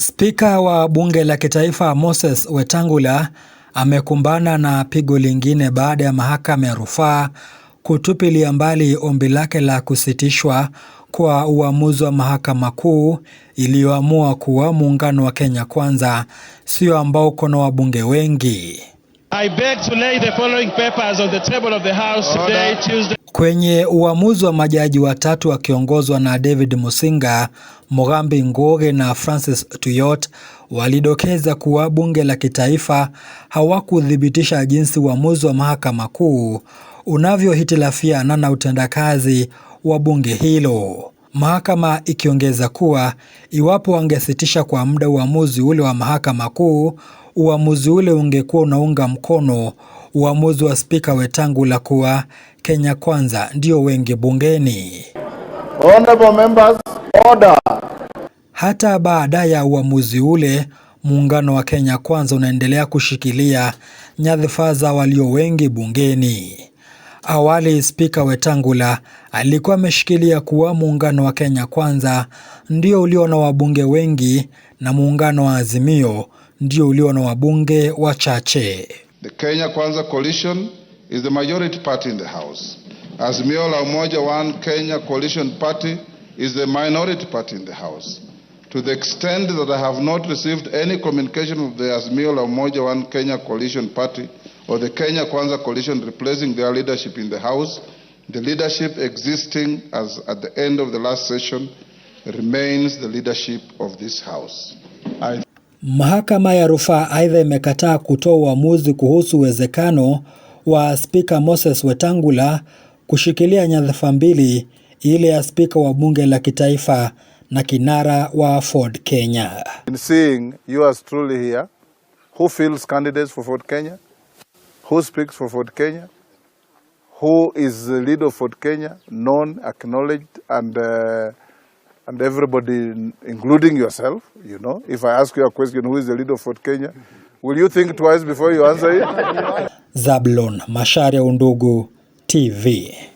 Spika wa bunge la kitaifa Moses Wetangula amekumbana na pigo lingine baada ya mahakama ya rufaa kutupilia mbali ombi lake la kusitishwa kwa uamuzi wa mahakama kuu iliyoamua kuwa muungano wa Kenya Kwanza sio ambao uko na wabunge wengi. I beg to lay the following papers on the table of the House today, Tuesday. Kwenye uamuzi wa majaji watatu wakiongozwa na David Musinga, Mugambi Nguge na Francis Tuyot walidokeza kuwa bunge la kitaifa hawakuthibitisha jinsi uamuzi wa mahakama kuu unavyohitilafiana na utendakazi wa bunge hilo. Mahakama ikiongeza kuwa iwapo wangesitisha kwa muda uamuzi ule wa mahakama kuu, uamuzi ule ungekuwa unaunga mkono uamuzi wa spika Wetangula kuwa Kenya Kwanza ndio wengi bungeni. Honorable members, order. Hata baada ya uamuzi ule, muungano wa Kenya Kwanza unaendelea kushikilia nyadhifa za walio wengi bungeni. Awali spika Wetangula alikuwa ameshikilia kuwa muungano wa Kenya Kwanza ndio ulio na wabunge wengi na muungano wa Azimio ndio ulio na wabunge wachache. The Kenya Kwanza Coalition is the majority party in the House. Azimio la Umoja One Kenya Coalition Party is the minority party in the House. To the extent that I have not received any communication of the Azimio la Umoja One Kenya Coalition Party or the Kenya Kwanza Coalition replacing their leadership in the House, the leadership existing as at the end of the last session remains the leadership of this House. I Mahakama ya Rufaa aidha imekataa kutoa uamuzi kuhusu uwezekano wa Spika Moses Wetangula kushikilia nyadhifa mbili, ile ya spika wa bunge la kitaifa na kinara wa Ford Kenya. In seeing yours truly here who candidates for Ford Kenya who speaks for Ford Kenya who is the leader of Ford Kenya known acknowledged and uh, and everybody, including yourself, you know, if I ask you a question, who is the leader of fort Kenya, will you think twice before you answer it? Zablon mashare Undugu TV.